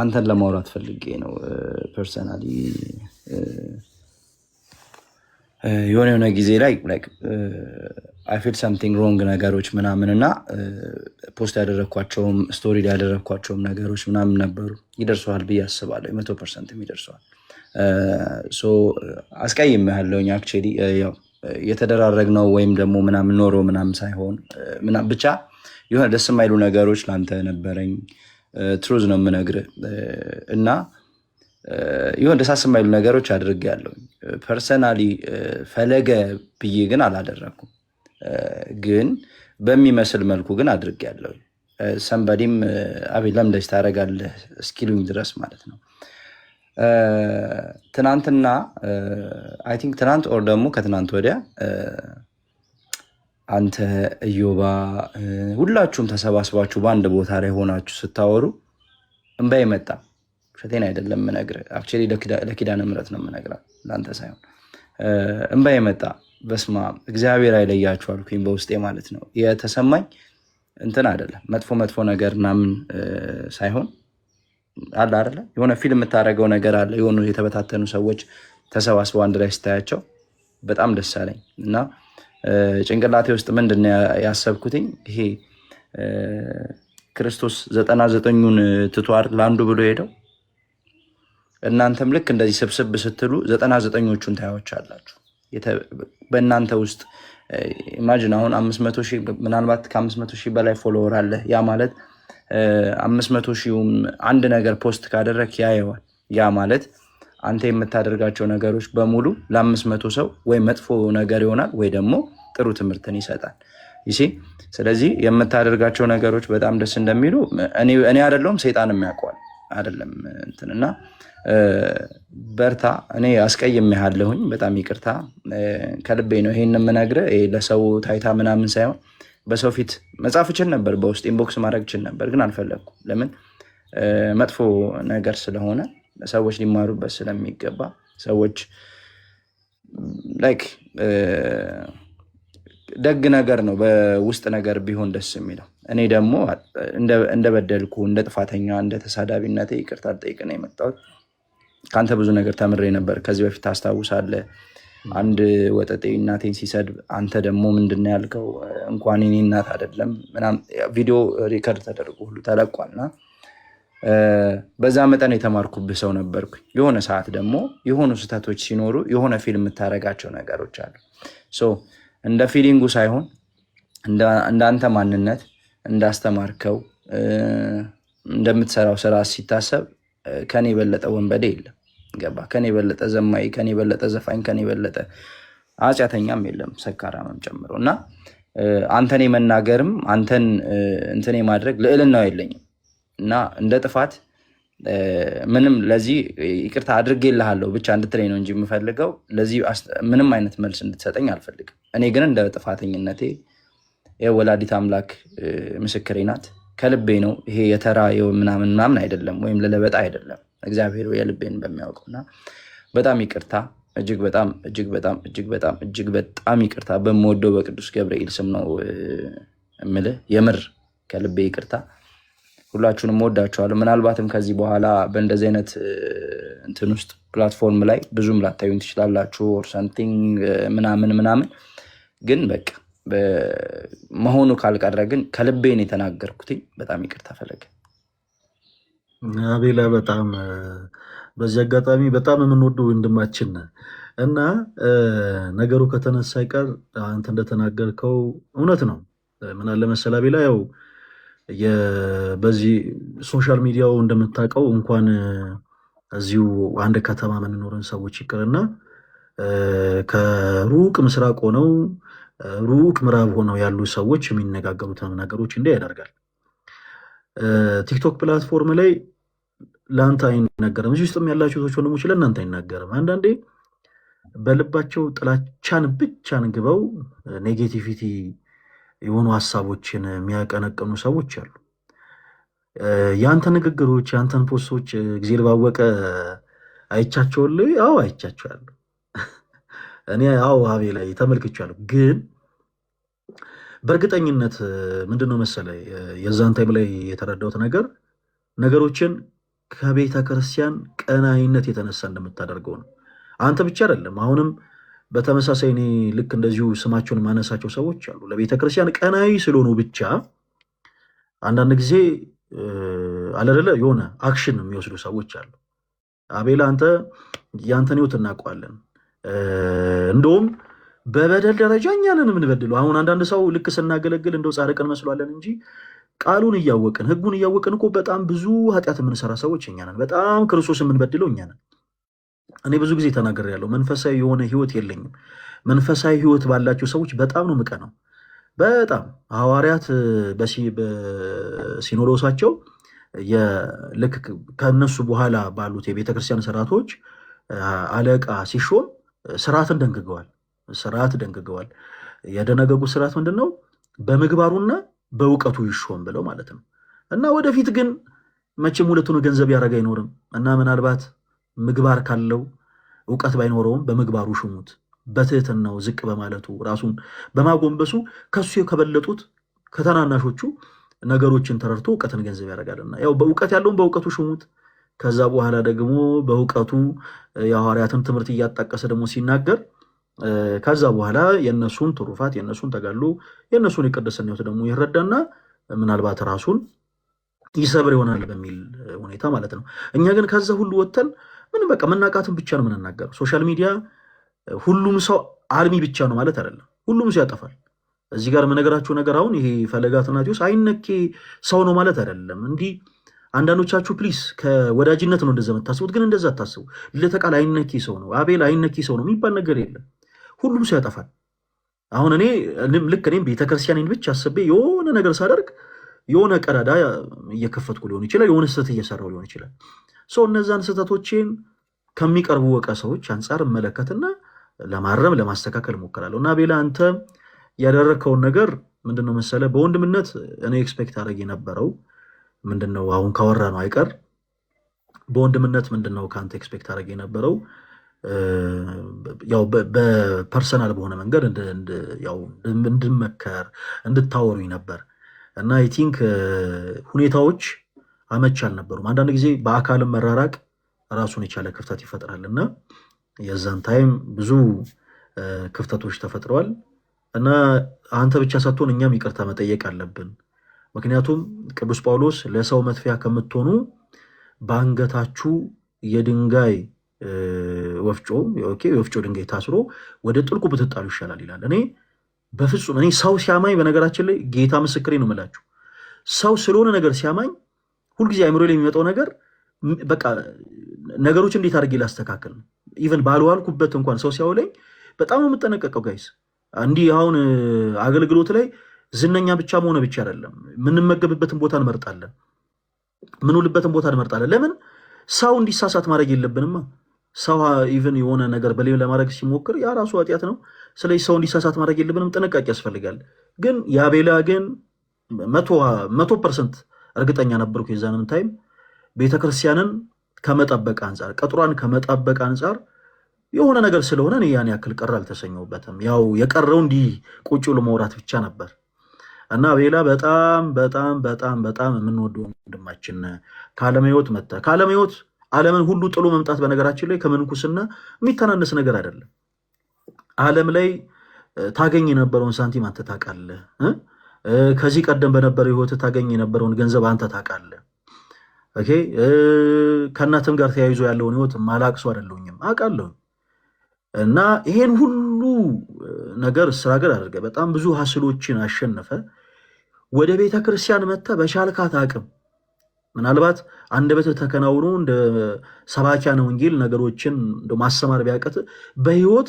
አንተን ለማውራት ፈልጌ ነው። ፐርሰናሊ የሆነ የሆነ ጊዜ ላይ አይ ፊል ሰምቲንግ ሮንግ ነገሮች ምናምን እና ፖስት ያደረግኳቸውም ስቶሪ ያደረግኳቸውም ነገሮች ምናምን ነበሩ። ይደርሰዋል ብዬ አስባለሁ። መቶ ፐርሰንትም ይደርሰዋል። አስቀይሜሃለሁኝ። አክቹዋሊ ያው ነው ወይም ደግሞ ምናምን ኖሮ ምናምን ሳይሆን ብቻ የሆነ ደስ የማይሉ ነገሮች ለአንተ ነበረኝ ትሩዝ ነው የምነግርህ እና ይሆን ደሳስ የማይሉ ነገሮች አድርጌያለሁ። ፐርሰናሊ ፈለገ ብዬ ግን አላደረኩም፣ ግን በሚመስል መልኩ ግን አድርጌያለሁ። ሰንበዲም አቤት ለምን እንደዚህ ታደርጋለህ እስኪሉኝ ድረስ ማለት ነው። ትናንትና አይ ቲንክ ትናንት ኦር ደግሞ ከትናንት ወዲያ አንተ እዮባ ሁላችሁም ተሰባስባችሁ በአንድ ቦታ ላይ ሆናችሁ ስታወሩ እንባ ይመጣ። ሸቴን አይደለም ምነግር አክቹዋሊ ለኪዳነ ምሕረት ነው ምነግራ ለአንተ ሳይሆን እንባ ይመጣ። በስማ እግዚአብሔር አይለያችሁ አልኩኝ በውስጤ ማለት ነው። የተሰማኝ እንትን አይደለም መጥፎ መጥፎ ነገር ምናምን ሳይሆን አለ አይደለ የሆነ ፊልም የምታደርገው ነገር አለ። የሆኑ የተበታተኑ ሰዎች ተሰባስበው አንድ ላይ ስታያቸው በጣም ደስ አለኝ እና ጭንቅላቴ ውስጥ ምንድን ያሰብኩትኝ ይሄ ክርስቶስ ዘጠና ዘጠኙን ትቷር ለአንዱ ብሎ ሄደው እናንተም ልክ እንደዚህ ስብስብ ስትሉ ዘጠና ዘጠኞቹን ታያዎች አላችሁ በእናንተ ውስጥ ኢማጂን አሁን አምስት መቶ ሺህ ምናልባት ከአምስት መቶ ሺህ በላይ ፎሎወር አለ። ያ ማለት አምስት መቶ ሺውም አንድ ነገር ፖስት ካደረግ ያየዋል። ያ ማለት አንተ የምታደርጋቸው ነገሮች በሙሉ ለአምስት መቶ ሰው ወይ መጥፎ ነገር ይሆናል ወይ ደግሞ ጥሩ ትምህርትን ይሰጣል። ይሲ ስለዚህ የምታደርጋቸው ነገሮች በጣም ደስ እንደሚሉ እኔ አደለውም ሰይጣንም ያውቀዋል። አይደለም እንትን እና በርታ። እኔ አስቀይሜሃለሁኝ፣ በጣም ይቅርታ ከልቤ ነው ይሄን የምነግርህ። ለሰው ታይታ ምናምን ሳይሆን በሰው ፊት መጻፍ እችል ነበር፣ በውስጥ ኢንቦክስ ማድረግ እችል ነበር፣ ግን አልፈለግኩ። ለምን መጥፎ ነገር ስለሆነ ሰዎች ሊማሩበት ስለሚገባ ሰዎች ላይክ ደግ ነገር ነው። በውስጥ ነገር ቢሆን ደስ የሚለው። እኔ ደግሞ እንደበደልኩ እንደ ጥፋተኛ እንደ ተሳዳቢነት ይቅርታ ልጠይቅ ነው የመጣሁት። ከአንተ ብዙ ነገር ተምሬ ነበር። ከዚህ በፊት ታስታውሳለህ፣ አንድ ወጠጤ እናቴን ሲሰድብ አንተ ደግሞ ምንድነው ያልከው? እንኳን እኔ እናት አይደለም ምናምን ቪዲዮ ሪከርድ ተደርጎ ሁሉ ተለቋልና በዛ መጠን የተማርኩብህ ሰው ነበርኩ። የሆነ ሰዓት ደግሞ የሆኑ ስህተቶች ሲኖሩ የሆነ ፊልም የምታደርጋቸው ነገሮች አሉ እንደ ፊሊንጉ ሳይሆን እንዳንተ ማንነት እንዳስተማርከው እንደምትሰራው ስራ ሲታሰብ ከኔ የበለጠ ወንበዴ የለም። ገባ? ከኔ የበለጠ ዘማይ፣ ከኔ የበለጠ ዘፋኝ፣ ከኔ የበለጠ አጽያተኛም የለም ሰካራምም ጨምሮ እና አንተን የመናገርም አንተን እንትን ማድረግ ልዕልናው የለኝም እና እንደ ጥፋት ምንም ለዚህ ይቅርታ አድርጌልሃለሁ ብቻ እንድትለኝ ነው እንጂ የምፈልገው ለዚህ ምንም አይነት መልስ እንድትሰጠኝ አልፈልግም። እኔ ግን እንደ ጥፋተኝነቴ የወላዲት አምላክ ምስክሬ ናት። ከልቤ ነው። ይሄ የተራ ምናምን ምናምን አይደለም፣ ወይም ለለበጣ አይደለም። እግዚአብሔር የልቤን በሚያውቀውና በጣም ይቅርታ እጅግ በጣም እጅግ በጣም እጅግ በጣም እጅግ በጣም ይቅርታ። በምወደው በቅዱስ ገብርኤል ስም ነው እምልህ፣ የምር ከልቤ ይቅርታ። ሁላችሁንም ወዳችኋለሁ። ምናልባትም ከዚህ በኋላ በእንደዚህ አይነት እንትን ውስጥ ፕላትፎርም ላይ ብዙም ላታዩን ትችላላችሁ፣ ኦር ሰምቲንግ ምናምን ምናምን ግን በቃ መሆኑ ካልቀረ ግን ከልቤን የተናገርኩትኝ በጣም ይቅርታ ፈለገ። አቤላ በጣም በዚህ አጋጣሚ በጣም የምንወዱ ወንድማችን እና ነገሩ ከተነሳ ይቀር አንተ እንደተናገርከው እውነት ነው። ምን አለ መሰል አቤላ ያው በዚህ ሶሻል ሚዲያው እንደምታውቀው እንኳን እዚሁ አንድ ከተማ የምንኖርን ሰዎች ይቅርና ከሩቅ ምስራቅ ሆነው ሩቅ ምዕራብ ሆነው ያሉ ሰዎች የሚነጋገሩትን ነገሮች እንዲህ ያደርጋል። ቲክቶክ ፕላትፎርም ላይ ለአንተ አይነገርም። እዚህ ውስጥም ያላቸው ሰዎች ወንድሞች ለእናንተ አይናገርም። አንዳንዴ በልባቸው ጥላቻን ብቻ አንግበው ኔጌቲቪቲ የሆኑ ሀሳቦችን የሚያቀነቅኑ ሰዎች አሉ። የአንተ ንግግሮች፣ የአንተን ፖስቶች ጊዜ ልባወቀ አይቻቸውል? አዎ አይቻቸዋለሁ። እኔ አዎ ሀቤ ላይ ተመልክቻለሁ። ግን በእርግጠኝነት ምንድን ነው መሰለ የዛን ታይም ላይ የተረዳሁት ነገር ነገሮችን ከቤተ ክርስቲያን ቀናይነት የተነሳ እንደምታደርገው ነው። አንተ ብቻ አይደለም። አሁንም በተመሳሳይ እኔ ልክ እንደዚሁ ስማቸውን ማነሳቸው ሰዎች አሉ። ለቤተ ክርስቲያን ቀናይ ስለሆኑ ብቻ አንዳንድ ጊዜ አለደለ የሆነ አክሽን የሚወስዱ ሰዎች አሉ። አቤላ አንተ ያንተን ሕይወት እናውቀዋለን እንደውም በበደል ደረጃ እኛንን የምንበድለው አሁን አንዳንድ ሰው ልክ ስናገለግል እንደው ጻድቀን መስሏለን እንጂ ቃሉን እያወቅን ህጉን እያወቅን እኮ በጣም ብዙ ኃጢአት የምንሰራ ሰዎች እኛንን። በጣም ክርስቶስ የምንበድለው እኛንን። እኔ ብዙ ጊዜ ተናገር ያለው መንፈሳዊ የሆነ ህይወት የለኝም። መንፈሳዊ ህይወት ባላቸው ሰዎች በጣም ነው ምቀ ነው በጣም ሐዋርያት በሲኖዶሳቸው ልክ ከእነሱ በኋላ ባሉት የቤተክርስቲያን ስርዓቶች አለቃ ሲሾም ስርዓትን ደንግገዋል። ስርዓት ደንግገዋል። የደነገጉ ስርዓት ምንድን ነው? በምግባሩና በእውቀቱ ይሾም ብለው ማለት ነው። እና ወደፊት ግን መቼም ሁለቱን ገንዘብ ያደረገ አይኖርም እና ምናልባት ምግባር ካለው እውቀት ባይኖረውም በምግባሩ ሹሙት። በትህትናው ዝቅ በማለቱ ራሱን በማጎንበሱ ከሱ ከበለጡት ከተናናሾቹ ነገሮችን ተረድቶ እውቀትን ገንዘብ ያደርጋልና ያው በእውቀት ያለውን በእውቀቱ ሹሙት። ከዛ በኋላ ደግሞ በእውቀቱ የሐዋርያትን ትምህርት እያጣቀሰ ደግሞ ሲናገር ከዛ በኋላ የእነሱን ትሩፋት የእነሱን ተጋሉ የእነሱን የቅድስና ደግሞ ይረዳና ምናልባት ራሱን ይሰብር ይሆናል በሚል ሁኔታ ማለት ነው። እኛ ግን ከዛ ሁሉ ወጥተን ምን በቃ መናቃትን ብቻ ነው የምንናገረው። ሶሻል ሚዲያ ሁሉም ሰው አልሚ ብቻ ነው ማለት አይደለም። ሁሉም ሰው ያጠፋል። እዚህ ጋር የምነግራችሁ ነገር አሁን ይሄ ፈለገ አትናቴዎስ አይነኬ ሰው ነው ማለት አይደለም እንዲህ አንዳንዶቻችሁ ፕሊስ ከወዳጅነት ነው እንደዛ የምታስቡት፣ ግን እንደዛ አታስቡ። ለተቃል አይነኪ ሰው ነው አቤል አይነኪ ሰው ነው የሚባል ነገር የለም። ሁሉም ሰው ያጠፋል። አሁን እኔ ልክ እኔም ቤተክርስቲያንን ብቻ አስቤ የሆነ ነገር ሳደርግ የሆነ ቀዳዳ እየከፈትኩ ሊሆን ይችላል፣ የሆነ ስህተት እየሰራው ሊሆን ይችላል። ሰው እነዛን ስህተቶቼን ከሚቀርቡ ሰዎች አንጻር እመለከትና ለማረም ለማስተካከል እሞክራለሁ እና ቤላ አንተ ያደረግከውን ነገር ምንድነው መሰለ በወንድምነት እኔ ኤክስፔክት አድረግ የነበረው ምንድነው አሁን ካወራ ነው አይቀር በወንድምነት ምንድነው ከአንተ ኤክስፔክት አድረግ የነበረው ያው በፐርሰናል በሆነ መንገድ እንድመከር እንድታወሩኝ ነበር እና አይ ቲንክ ሁኔታዎች አመች አልነበሩም። አንዳንድ ጊዜ በአካልም መራራቅ ራሱን የቻለ ክፍተት ይፈጥራል እና የዛን ታይም ብዙ ክፍተቶች ተፈጥረዋል እና አንተ ብቻ ሳትሆን እኛም ይቅርታ መጠየቅ አለብን። ምክንያቱም ቅዱስ ጳውሎስ ለሰው መጥፊያ ከምትሆኑ በአንገታችሁ የድንጋይ ወፍጮ የወፍጮ ድንጋይ ታስሮ ወደ ጥልቁ ብትጣሉ ይሻላል ይላል። እኔ በፍጹም እኔ ሰው ሲያማኝ፣ በነገራችን ላይ ጌታ ምስክሬ ነው የምላችሁ፣ ሰው ስለሆነ ነገር ሲያማኝ ሁልጊዜ አይምሮ ላይ የሚመጣው ነገር በቃ ነገሮች እንዴት አድርጌ ላስተካከል ነው። ኢቨን ባልዋልኩበት እንኳን ሰው ሲያውለኝ በጣም ነው የምጠነቀቀው ጋይስ። እንዲህ አሁን አገልግሎት ላይ ዝነኛ ብቻ መሆነ ብቻ አይደለም። የምንመገብበትን ቦታ እንመርጣለን፣ ምንውልበትን ቦታ እንመርጣለን። ለምን ሰው እንዲሳሳት ማድረግ የለብንማ። ሰው ኢቨን የሆነ ነገር በሌላ ለማድረግ ሲሞክር ያ ራሱ ኃጢአት ነው። ስለዚህ ሰው እንዲሳሳት ማድረግ የለብንም፣ ጥንቃቄ ያስፈልጋል። ግን የአቤላ ግን መቶ ፐርሰንት እርግጠኛ ነበርኩ የዛንም ታይም ቤተክርስቲያንን ከመጠበቅ አንጻር ቀጥሯን ከመጠበቅ አንጻር የሆነ ነገር ስለሆነ ያን ያክል ቀር አልተሰኘሁበትም። ያው የቀረው እንዲህ ቁጭ ብሎ መውራት ብቻ ነበር። እና ቤላ በጣም በጣም በጣም በጣም የምንወደው ወንድማችን ከዓለም ህይወት መጣ። ከዓለም ህይወት ዓለምን ሁሉ ጥሎ መምጣት በነገራችን ላይ ከምንኩስና የሚተናነስ ነገር አይደለም። ዓለም ላይ ታገኝ የነበረውን ሳንቲም አንተ ታውቃለህ። ከዚህ ቀደም በነበረው ህይወት ታገኝ የነበረውን ገንዘብ አንተ ታውቃለህ። ከእናትም ጋር ተያይዞ ያለውን ህይወት ማላቅሶ አይደለሁኝም አውቃለሁ። እና ይሄን ሁሉ ነገር ስራ ገር በጣም ብዙ ሀስሎችን አሸንፈ ወደ ቤተ ክርስቲያን መጥተ በሻልካት አቅም ምናልባት አንድ በት ተከናውኖ እንደ ሰባኪያነ ወንጌል ነገሮችን እንደ ማሰማር ቢያቀት በህይወት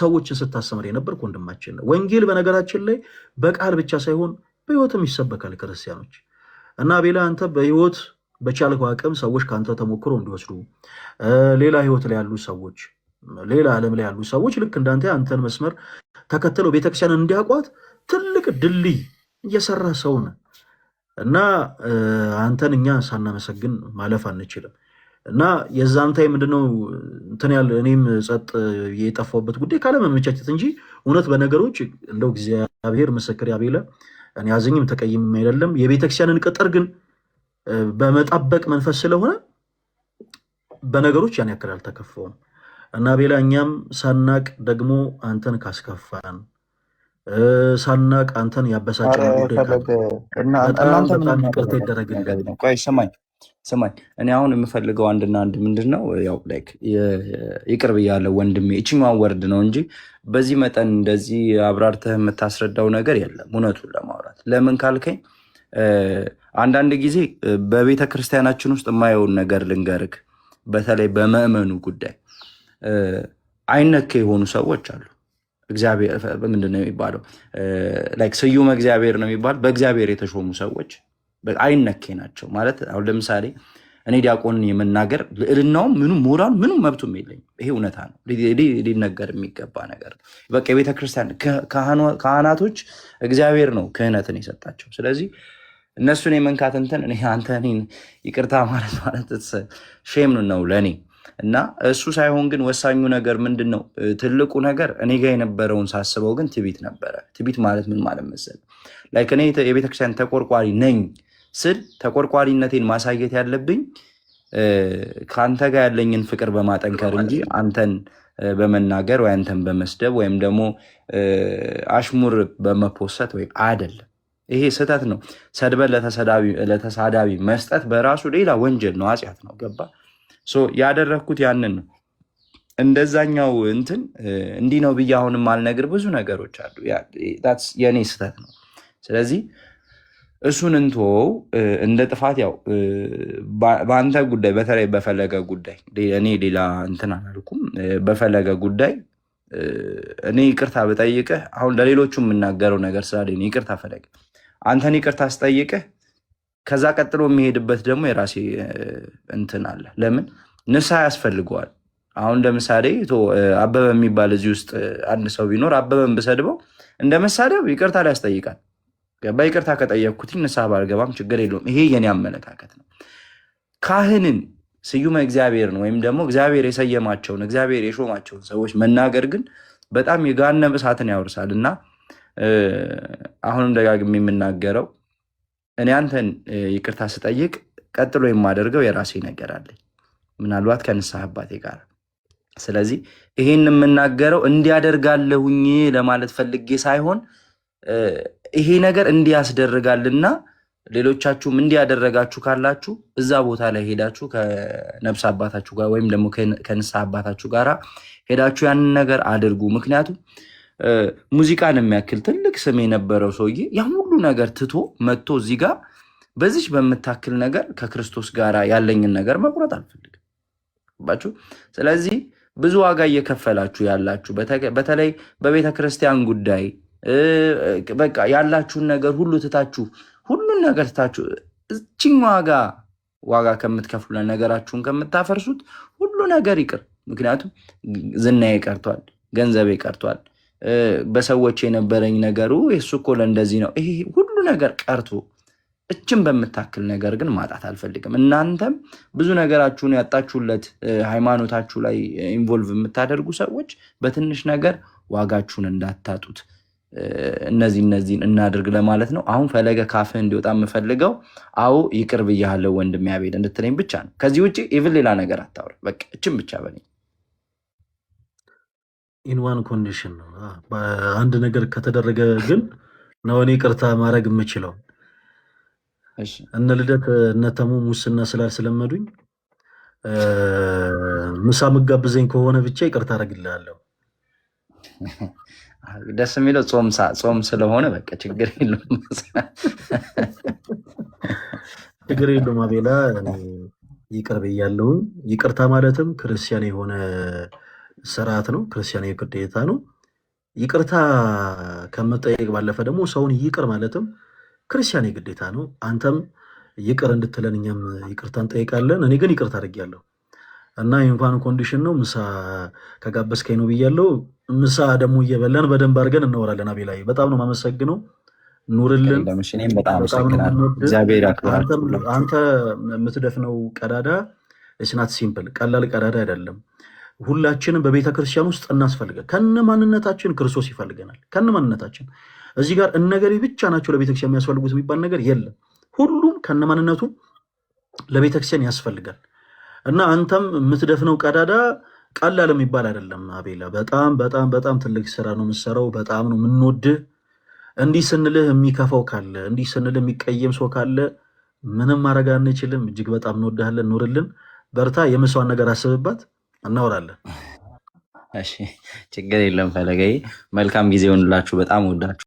ሰዎችን ስታስተምር የነበርክ ወንድማችን ነው። ወንጌል በነገራችን ላይ በቃል ብቻ ሳይሆን በህይወትም ይሰበካል ክርስቲያኖች እና ቤላ አንተ በህይወት በቻልኩ አቅም ሰዎች ከአንተ ተሞክሮ እንዲወስዱ ሌላ ህይወት ላይ ያሉ ሰዎች ሌላ ዓለም ላይ ያሉ ሰዎች ልክ እንዳንተ አንተን መስመር ተከትለው ቤተክርስቲያን እንዲያውቋት ትልቅ ድልድይ እየሰራ ሰው ነህ እና አንተን እኛ ሳናመሰግን ማለፍ አንችልም። እና የዛን ታይ ምንድነው እንትን ያለ እኔም ጸጥ የጠፋሁበት ጉዳይ ካለመመቻቸት እንጂ እውነት በነገሮች እንደው እግዚአብሔር ምስክር ያቤለ እኔ አዝኝም ተቀይም አይደለም። የቤተክርስቲያንን ቅጥር ግን በመጣበቅ መንፈስ ስለሆነ በነገሮች ያን ያክል አልተከፋውም። እና ቤላ እኛም ሳናቅ ደግሞ አንተን ካስከፋን ሳናቅ አንተን ያበሳጨ ስማኝ እኔ አሁን የምፈልገው አንድና አንድ ምንድን ነው ያው ላይክ ይቅር ብያለሁ ወንድሜ፣ እችኛዋን ወርድ ነው እንጂ በዚህ መጠን እንደዚህ አብራርተህ የምታስረዳው ነገር የለም። እውነቱን ለማውራት ለምን ካልከኝ አንዳንድ ጊዜ በቤተ ክርስቲያናችን ውስጥ የማየውን ነገር ልንገርህ፣ በተለይ በምዕመኑ ጉዳይ አይነካ የሆኑ ሰዎች አሉ እግዚአብሔር ምንድን ነው የሚባለው? ስዩም እግዚአብሔር ነው የሚባል በእግዚአብሔር የተሾሙ ሰዎች አይነኬ ናቸው ማለት። አሁን ለምሳሌ እኔ ዲያቆንን የመናገር ልዕልናውም ምኑ ሞራል ምኑም መብቱም የለኝም። ይሄ እውነታ ነው፣ ሊነገር የሚገባ ነገር ነው። በቃ የቤተክርስቲያን ካህናቶች እግዚአብሔር ነው ክህነትን የሰጣቸው። ስለዚህ እነሱን የመንካት እንትን አንተ ይቅርታ ማለት ማለት ሼም ነው ለእኔ እና እሱ ሳይሆን ግን ወሳኙ ነገር ምንድን ነው? ትልቁ ነገር እኔ ጋ የነበረውን ሳስበው ግን ትቢት ነበረ። ትቢት ማለት ምን ማለት መሰለህ? ላይክ እኔ የቤተክርስቲያን ተቆርቋሪ ነኝ ስል ተቆርቋሪነቴን ማሳየት ያለብኝ ከአንተ ጋር ያለኝን ፍቅር በማጠንከር እንጂ አንተን በመናገር ወይ አንተን በመስደብ ወይም ደግሞ አሽሙር በመፖሰት ወይ አይደለም። ይሄ ስህተት ነው። ሰድበን ለተሳዳቢ መስጠት በራሱ ሌላ ወንጀል ነው፣ አጽያት ነው። ገባ ያደረግኩት ያንን ነው። እንደዛኛው እንትን እንዲህ ነው ብዬ አሁን አልነግር ብዙ ነገሮች አሉ። የእኔ ስህተት ነው። ስለዚህ እሱን እንትወው እንደ ጥፋት ያው በአንተ ጉዳይ በተለይ በፈለገ ጉዳይ እኔ ሌላ እንትን አላልኩም። በፈለገ ጉዳይ እኔ ይቅርታ ብጠይቅህ አሁን ለሌሎቹ የምናገረው ነገር ስላለ ይቅርታ ፈለገ አንተን ይቅርታ ስጠይቅህ ከዛ ቀጥሎ የሚሄድበት ደግሞ የራሴ እንትን አለ። ለምን ንስሐ ያስፈልገዋል። አሁን ለምሳሌ አበበ የሚባል እዚህ ውስጥ አንድ ሰው ቢኖር አበበን ብሰድበው እንደ መሳደብ ይቅርታ ሊያስጠይቃል። ገባ? ይቅርታ ከጠየቅኩትኝ ንስሐ ባልገባም ችግር የለውም። ይሄ የኔ አመለካከት ነው። ካህንን ስዩመ እግዚአብሔርን ወይም ደግሞ እግዚአብሔር የሰየማቸውን እግዚአብሔር የሾማቸውን ሰዎች መናገር ግን በጣም የጋነብ እሳትን ያወርሳል እና አሁንም ደጋግሜ የምናገረው እኔ አንተን ይቅርታ ስጠይቅ ቀጥሎ የማደርገው የራሴ ነገር አለኝ፣ ምናልባት ከንስሐ አባቴ ጋር። ስለዚህ ይሄን የምናገረው እንዲያደርጋለሁኝ ለማለት ፈልጌ ሳይሆን ይሄ ነገር እንዲያስደርጋልና ሌሎቻችሁም እንዲያደረጋችሁ ካላችሁ እዛ ቦታ ላይ ሄዳችሁ ከነብስ አባታችሁ ጋር ወይም ደግሞ ከንስሐ አባታችሁ ጋር ሄዳችሁ ያንን ነገር አድርጉ። ምክንያቱም ሙዚቃን የሚያክል ትልቅ ስም የነበረው ሰውዬ ያም ሁሉ ነገር ትቶ መጥቶ እዚህ ጋር በዚች በምታክል ነገር ከክርስቶስ ጋር ያለኝን ነገር መቁረጥ አልፈልግም ባችሁ። ስለዚህ ብዙ ዋጋ እየከፈላችሁ ያላችሁ በተለይ በቤተ ክርስቲያን ጉዳይ በቃ ያላችሁን ነገር ሁሉ ትታችሁ ሁሉን ነገር ትታችሁ እችኝ ዋጋ ዋጋ ከምትከፍሉ ነገራችሁን ከምታፈርሱት ሁሉ ነገር ይቅር። ምክንያቱም ዝናዬ ቀርቷል፣ ገንዘቤ ቀርቷል በሰዎች የነበረኝ ነገሩ የሱ እኮ ለእንደዚህ ነው ይሄ ሁሉ ነገር ቀርቶ እችን በምታክል ነገር ግን ማጣት አልፈልግም። እናንተም ብዙ ነገራችሁን ያጣችሁለት ሃይማኖታችሁ ላይ ኢንቮልቭ የምታደርጉ ሰዎች በትንሽ ነገር ዋጋችሁን እንዳታጡት እነዚህ እነዚህን እናድርግ ለማለት ነው። አሁን ፈለገ ካፍህ እንዲወጣ የምፈልገው አዎ ይቅር ብያለሁ ወንድሜ አቤል እንድትለኝ ብቻ ነው። ከዚህ ውጭ ኢቭን ሌላ ነገር አታውራ። በቃ እችን ብቻ በለኝ። ኢንዋን ኮንዲሽን ነው። አንድ ነገር ከተደረገ ግን ነው እኔ ቅርታ ማድረግ የምችለው። እነ ልደት እነተሙ ሙስና ስላልስለመዱኝ ምሳ ምጋብዘኝ ከሆነ ብቻ ይቅርታ አደርግልሃለሁ። ደስ የሚለው ጾም ጾም ስለሆነ በቃ ችግር የለውም፣ ችግር የለውም። አቤላ ይቅርብ እያለውን ይቅርታ ማለትም ክርስቲያን የሆነ ስርዓት ነው፣ ክርስቲያን ግዴታ ነው። ይቅርታ ከመጠየቅ ባለፈ ደግሞ ሰውን ይቅር ማለትም ክርስቲያን ግዴታ ነው። አንተም ይቅር እንድትለን እኛም ይቅርታ እንጠይቃለን። እኔ ግን ይቅርታ አድርጌያለሁ እና የእንኳን ኮንዲሽን ነው ምሳ ከጋበዝከኝ ነው ብያለሁ። ምሳ ደግሞ እየበላን በደንብ አድርገን እናወራለን። ላይ በጣም ነው የማመሰግነው። ኑርልን። አንተ የምትደፍነው ቀዳዳ ስናት ሲምፕል ቀላል ቀዳዳ አይደለም። ሁላችንም በቤተ ክርስቲያን ውስጥ እናስፈልገን። ከነ ማንነታችን ክርስቶስ ይፈልገናል። ከነ ማንነታችን እዚህ ጋር እነገሌ ብቻ ናቸው ለቤተ ክርስቲያን የሚያስፈልጉት የሚባል ነገር የለም። ሁሉም ከነ ማንነቱ ለቤተ ክርስቲያን ያስፈልጋል እና አንተም የምትደፍነው ቀዳዳ ቀላል የሚባል አይደለም። አቤላ በጣም በጣም በጣም ትልቅ ስራ ነው የምትሰራው። በጣም ነው የምንወድህ። እንዲህ ስንልህ የሚከፋው ካለ፣ እንዲህ ስንልህ የሚቀየም ሰው ካለ ምንም ማድረግ አንችልም። እጅግ በጣም እንወድሃለን። ኑርልን፣ በርታ። የምሰዋን ነገር አስብባት። እናወራለን። ችግር የለም ፈለገይ፣ መልካም ጊዜ ሆንላችሁ። በጣም ወዳችሁ